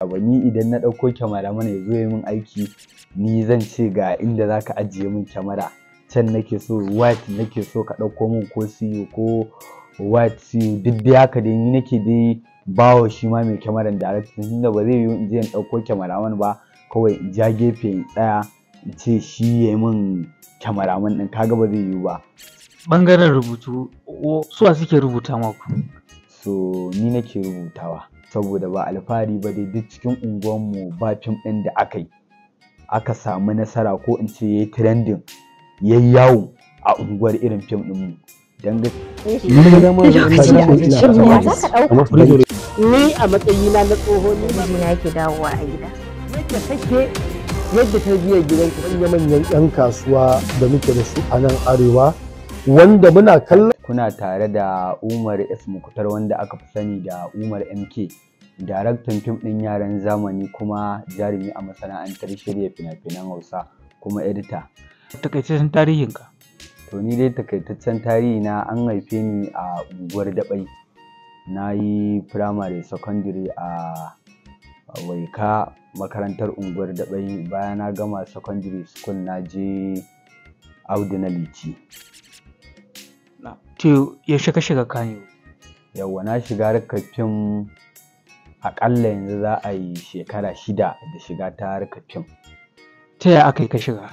abu ni idan na ɗauko kyamara mana ya zo ya min aiki ni zan ce ga inda za ka ajiye min kyamara can nake so white nake so ka ɗauko min ko siyo ko white siyo duk da haka dai ni nake dai bawa shi ma mai kyamaran direct da ba zai yi in je in ɗauko kyamara man ba kawai in ja gefe in tsaya in ce shi ya yi min kyamara man ɗin kaga ba zai yiwu ba. Bangaren rubutu suwa suke rubuta maku? So ni nake rubutawa. saboda ba alfahari ba dai duk cikin unguwanmu ba fim ɗin da aka yi aka samu nasara ko in ce ya yi trending ya yi yawo a unguwar irin fim ɗin mu don ni a matsayina na tsoho ne ya ke dawowa a gida yadda kake yadda gidan ku manya manyan yan kasuwa da muke da su a nan arewa wanda muna kallon kuna tare da Umar S Mukutar wanda aka fi sani da Umar MK daraktan fim ɗin yaran zamani kuma jarumi a masana'antar shirya fina-finan hausa kuma edita takaitaccen tarihinka to ni dai takaitaccen tarihi na an haife ni a unguwar daɓai na yi firamare secondary a waika makarantar unguwar daɓai bayan na gama secondary school na je audu na lici to yaushe ka shiga kayo? yawwa na shiga rikakken fim aƙalla yanzu za a yi shekara shida da shiga ta harkar fim. Ta yaya aka yi ka shiga?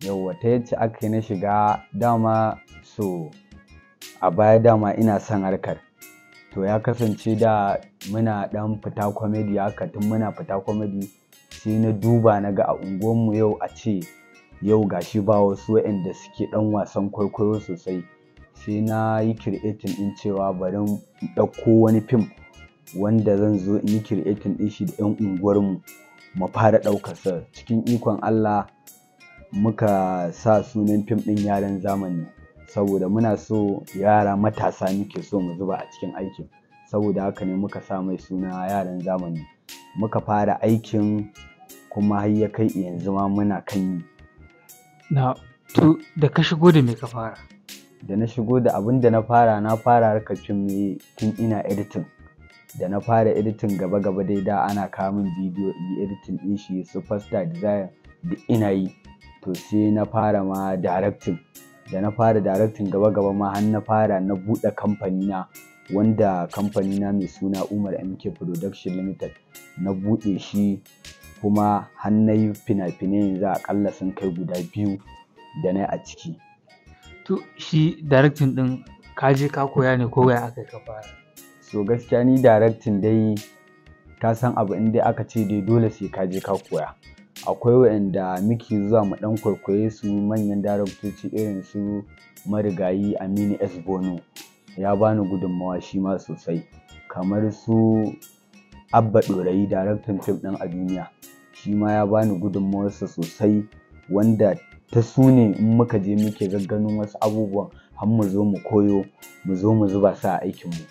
Yawwa ta yace aka yi na shiga dama so a baya dama ina son harkar. To ya kasance da muna ɗan fita kwamedi haka tun muna fita kwamedi sai na duba na ga a unguwanmu yau a ce yau gashi ba wasu waɗanda suke ɗan wasan kwaikwayo sosai sai na yi creating ɗin cewa bari ɗauko wani fim wanda zan zo in yi creating ɗin shi da 'yan unguwarmu mu fara ɗaukarsa cikin ikon Allah muka sa sunan fim ɗin yaran zamani saboda muna so yara matasa muke so mu zuba a cikin aikin saboda haka ne muka sa mai suna yaran zamani muka fara aikin kuma har ya kai yanzu ma muna kan yi na to da ka shigo da me ka fara da na shigo da abin da na fara na fara harkar fim ne tun ina editing da na fara editing gaba-gaba dai da ana kamun bidiyo in yi editing ɗin shi Superstar, fasta design ina yi to sai na fara ma directing da na fara directing gaba-gaba ma har na fara na buɗe kamfanina wanda kamfani na mai suna umar mk production limited na buɗe shi kuma har na yi fina-finai yanzu akalla sun kai guda biyu da na a ciki to shi directing ɗin ka je ka koya ne ko ya aka ka fara so gaskiya ni directing dai ka san abu inda aka ce dai dole sai ka je ka koya akwai waɗanda muke zuwa mu dan kwaikwaye su manyan daraktoci irin su marigayi aminu s bono ya bani gudunmawa shi ma sosai kamar su abba dorayi daraktan film din a duniya shi ma ya bani gudunmawarsa sosai wanda ta su ne in muka je muke gagganin wasu abubuwan har mu zo mu koyo mu zo mu zuba su a aikinmu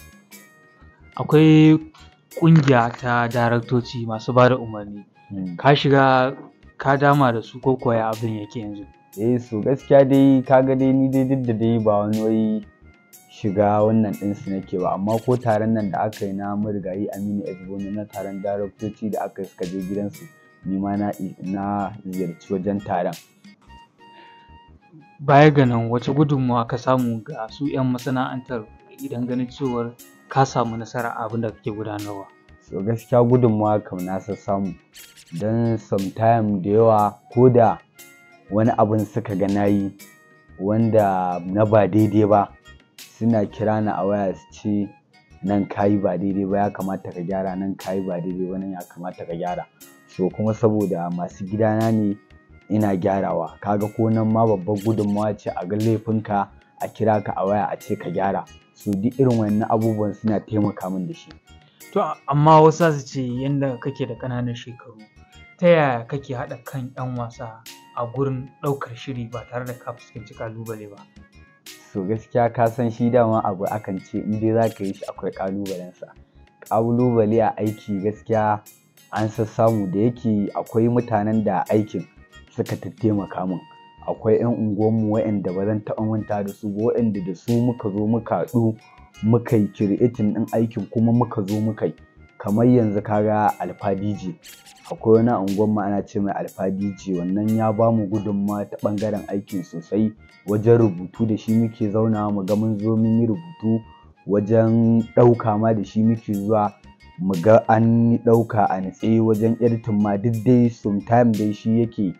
akwai ƙungiya ta daraktoci masu ba da umarni hmm. ka shiga ka dama da su ko koya abin yake yanzu eh su gaskiya dai kaga dai ni dai duk da dai ba wani wai shiga wannan din su nake ba amma ko taron nan da aka yi na murgayi aminu ezbomi na taron daraktoci da aka suka je gidansu ni ma na ziyarci wajen taron baya ga nan wace gudunmuwa ka samu ga su 'yan masana'antar idan ganin cewar ka samu nasara abin da kake gudanarwa so gaskiya gudunmawa kam na samu don sometime da yawa ko da wani abin suka ga na yi wanda na ba daidai ba suna kira ni a waya su ce nan kayi ba daidai ba ya kamata ka gyara nan kayi ba daidai ba nan ya kamata ka gyara so kuma saboda masu gidana ne ina gyarawa kaga ko nan ma babbar gudunmawa ce a ga laifinka a kira ka a waya a ce ka gyara su duk irin wannan abubuwan suna taimaka min da shi to amma wasu su ce yadda kake da ƙananan shekaru ta yaya kake haɗa kan 'yan wasa a gurin ɗaukar shiri ba tare da ka fuskanci ƙalubale ba so gaskiya ka san shi dama abu akan ce in dai za ka yi shi akwai ƙalubalensa ƙalubale a aiki gaskiya an sassamu da yake akwai mutanen da aikin suka taimaka min akwai 'yan unguwanmu waɗanda ba zan taɓa manta da su ba waɗanda da su muka zo muka haɗu muka yi kiritin ɗin aikin kuma muka zo muka yi kamar yanzu kaga alfadiji akwai wani unguwanmu ana ce mai alfadiji wannan ya ba mu gudunma ta ɓangaren aikin sosai wajen rubutu da shi muke zauna mu ga mun zo mun yi rubutu wajen ɗauka ma da shi muke zuwa mu ga an ɗauka a natse wajen editin ma duk dai sometime dai shi yake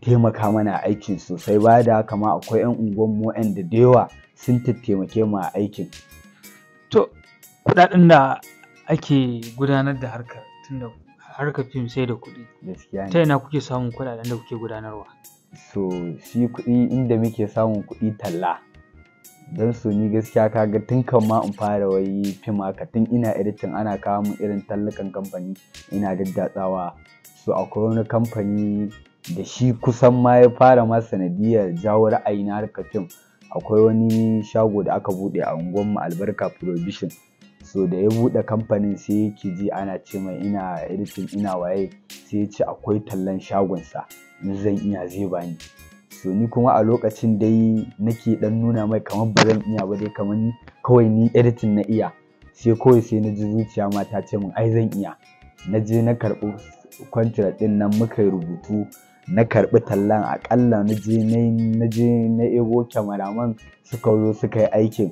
taimaka mana a aikin sosai ba da kama akwai 'yan unguwan mu da yawa sun taimake mu a aikin to kudaden da ake gudanar da harkar da harkar fim sai da kuɗi ta yana kuke samun kudaden da kuke gudanarwa so shi kuɗi inda muke samun kuɗi talla don su ni gaskiya ka ga tun kan ma in fara wai fim haka tun ina editing ana kawo mun irin tallukan kamfani ina daddatsawa so akwai wani kamfani da shi kusan ma ya fara ma sanadiyar jawo ra'ayi na harkar fim akwai wani shago da aka buɗe a unguwarmu albarka provision so da ya buɗe kamfanin sai yake ji ana ce mai ina editing ina waye sai ya ce akwai tallan shagonsa in zan iya zai bani so ni kuma a lokacin dai nake dan nuna mai kamar ba zan iya ba dai kamar kawai ni editing na iya sai kawai sai na ji zuciya ma ta ce min ai zan iya na je na karbi kwantirat ɗin nan muka rubutu na karɓi tallan akalla na je na je na kyamaraman suka zo suka yi aikin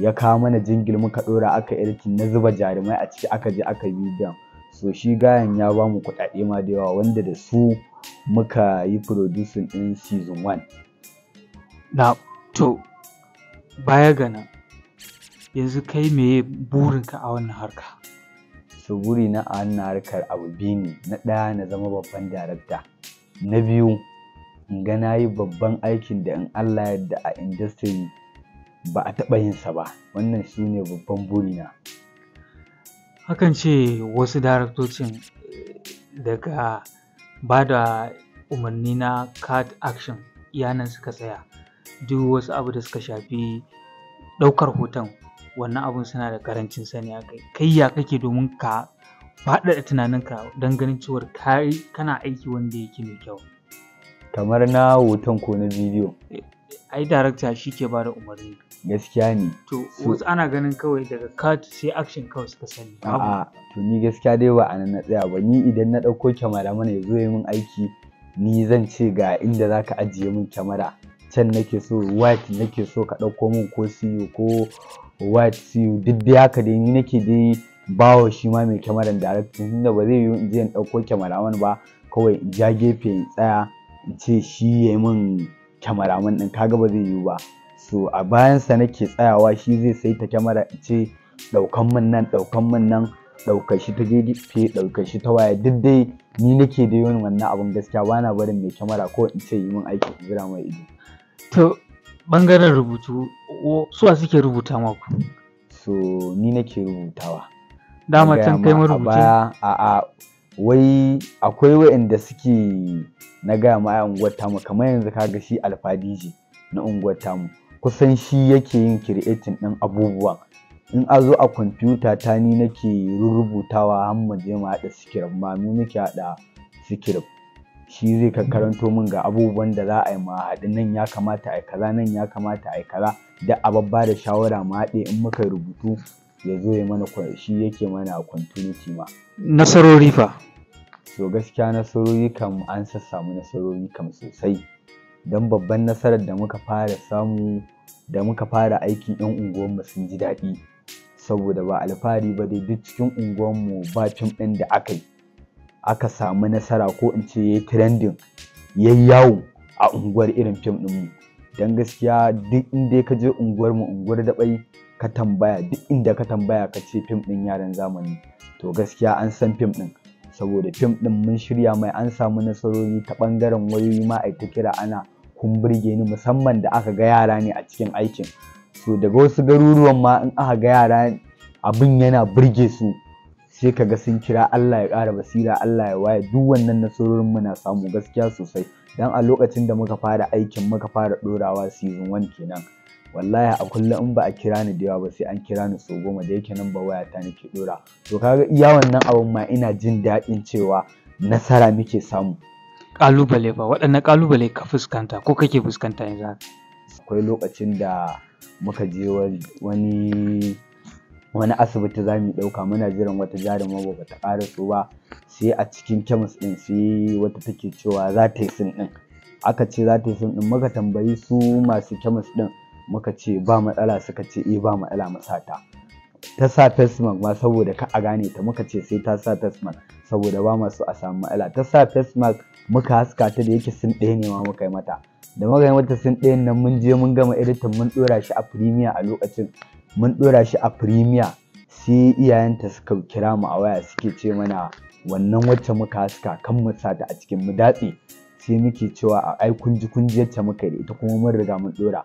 ya kawo mana jingil muka ɗora aka editin na zuba jarumai a ciki aka je aka yi bidiyon so shi gayan ya ba mu kuɗaɗe ma da yawa wanda da su muka yi producing in season 1 na to baya gana yanzu kai meye burinka a wannan harka so buri na a wannan harkar abu biyu ne na ɗaya na zama babban darakta na biyu in ga na yi babban aikin da in allah yadda a industry ba a taɓa yin sa ba wannan shi ne babban burina hakan ce wasu daraktocin eh, daga ba da umarni na card action yanar suka tsaya duk wasu abu da suka shafi ɗaukar hoton wannan abun suna da karancin sani a kai kai ya kake domin ka faɗaɗa tunaninka don ganin cewar kai kana aiki wanda yake mai kyau kamar na hoton ko na bidiyo eh, ai darakta shi ke ba da umarni gaskiya ne to wasu ana ganin kawai daga cut sai action kawai suka sani a'a to ni gaskiya dai ba anan na tsaya ba ni idan na ɗauko kyamara mana ya zo ya min aiki ni zan ce ga inda zaka ajiye min kyamara can nake so white nake so ka ɗauko min ko siyo ko white siyo duk dai haka dai ni nake dai bawa shi ma mai kyamaran directing tunda ba zai yiwu in je in ɗauko kyamaraman ba kawai in ja gefe in tsaya in ce shi ya yi min kyamaraman ɗin kaga ba zai yiwu ba so a bayansa nake tsayawa shi zai saita kyamara in ce ɗaukan min nan ɗaukan min nan ɗaukar shi ta gefe ɗaukar shi ta waya duk dai ni nake da yawan wannan abin gaskiya ba na barin mai kyamara ko in ce yi min aiki in jira mai ido. to bangaren rubutu suwa suke rubuta maku. so ni nake rubutawa. dama can kai marubuci a a wai akwai wa'anda suke na gaya ma unguwar tamu kamar yanzu kaga shi alfadiji na unguwar tamu kusan shi yake yin creating din abubuwa in a zo a kwamfuta ta ni nake rubutawa har mu je mu haɗa sikirif ma mu muke haɗa sikirif shi zai ka karanto min ga abubuwan da za a yi haɗu nan ya kamata a yi kaza nan ya kamata a yi kaza da ababba da shawara ma haɗe in muka rubutu ya zo ya mana shi yake mana continuity ma nasarori fa so gaskiya nasarori kam an sassamu nasarori kam sosai don babban nasarar da muka fara samu da muka fara aikin 'yan unguwanmu sun ji daɗi saboda ba alfahari ba dai duk cikin unguwanmu ba fim ɗin da aka yi aka samu nasara ko in ce ya yi trending ya yawo a unguwar irin fim ɗinmu don gaskiya duk inda ka je unguwar mu unguwar bai ka tambaya duk inda ka tambaya ka ce fim din yaran zamani to gaskiya an san fim ɗin saboda fim din mun shirya mai an samu nasarori ta bangaren wayoyi ma a ta kira ana kun burge ni musamman da aka ga yara ne a cikin aikin to daga wasu garuruwan ma in aka ga yara abin yana burge su sai ka ga sun kira Allah ya kara basira Allah ya waye duk wannan nasarorin muna samu gaskiya sosai don a lokacin da muka fara aikin muka fara ɗorawa season wani kenan wallahi a kullum in ba a kira ni da yawa ba sai an kira ni so goma da yake nan ba waya ta nake ɗora to kaga iya wannan abun ma ina jin daɗin cewa nasara muke samu ƙalubale ba waɗannan ƙalubale ka fuskanta ko kake fuskanta yanzu akwai lokacin da muka je wani wani asibiti za mu ɗauka muna jiran wata jaruma ba ta ƙaraso ba sai a cikin kemis ɗin sai wata take cewa za ta yi sin ɗin aka ce za ta yi sin ɗin muka tambayi su masu kemis ɗin muka ce ba matsala suka ce eh ba matsala mu sata ta sa fesmak ma saboda ka a gane ta muka ce sai ta sa fesmak saboda ba masu a samu matsala ta sa fesmak muka haska ta da yake sun ɗaya ne ma muka yi mata da muka yi mata sun ɗayan nan mun je mun gama editin mun ɗora shi a firimiya a lokacin mun ɗora shi a firimiya sai iyayenta suka kira mu a waya suke ce mana wannan wacce muka haska kan mu sata a cikin mu datse sai muke cewa ai kunji kunji yacce muka yi, ita kuma mun riga mun ɗora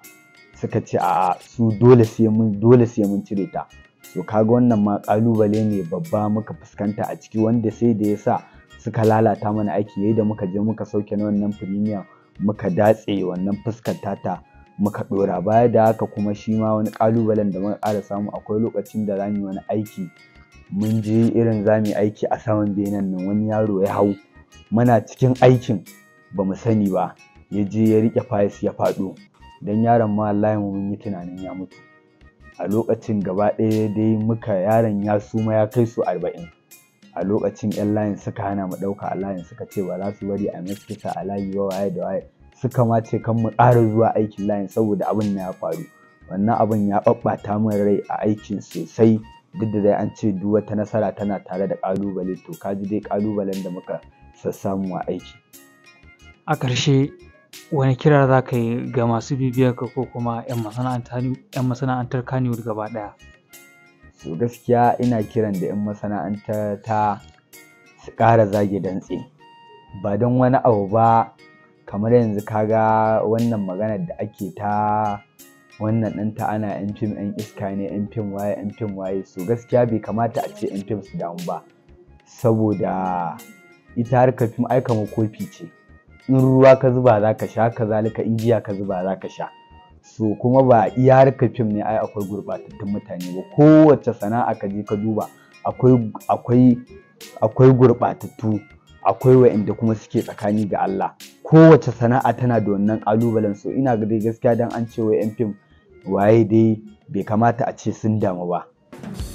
suka ce a su dole sai mun dole sai mun cire ta so kaga wannan ma kalubale ne babba muka fuskanta a ciki wanda sai da yasa suka lalata mana aiki yayin da muka je muka sauke na wannan firimiya muka datse wannan fuskar tata muka ɗora baya da haka kuma shi ma wani ƙalubalen da muka ƙara samu akwai lokacin da zamu yi wani aiki mun je irin zamu yi aiki a saman benen nan wani yaro ya hau muna cikin aikin ba mu sani ba ya je ya riƙe fayis ya faɗo don yaron ma wallahi mun yi tunanin ya mutu a lokacin gaba ɗaya dai muka yaron ya suma ya kai su arba'in a lokacin yan layin suka hana mu ɗauka a layin suka ce ba za su bari a mai a layi ba waye da waye suka mace kan mu ƙara zuwa aikin layin saboda abin na ya faru wannan abin ya ɓaɓɓata min rai a aikin sosai duk da dai an ce duk wata nasara tana tare da ƙalubale to ka ji dai ƙalubalen da muka sassamu a aiki. A ƙarshe wani kira za ka yi ga masu bibiyar ka ko kuma 'yan masana'antar Kannywood gaba ɗaya? So gaskiya ina kiran da 'yan masana'antar ta su ƙara zage dantse ba don wani abu ba kamar yanzu kaga wannan maganar da ake ta wannan ɗinta ana yan fim yan iska ne yan fim waye yan fim waye so gaskiya bai kamata a ce yan fim su damu ba saboda ita harkar fim aika kofi ce in ruwa ka zuba za ka sha kazalika in giya ka zuba za ka sha so kuma ba iya harkar fim ne ai akwai gurɓatattun mutane ba kowace sana'a ka je ka duba akwai akwai akwai gurɓatattu akwai wa'anda kuma suke tsakani ga Allah kowace sana'a tana da wannan kalubalen so ina ga dai gaskiya dan an ce wa 'yan fim waye dai bai kamata a ce sun damu ba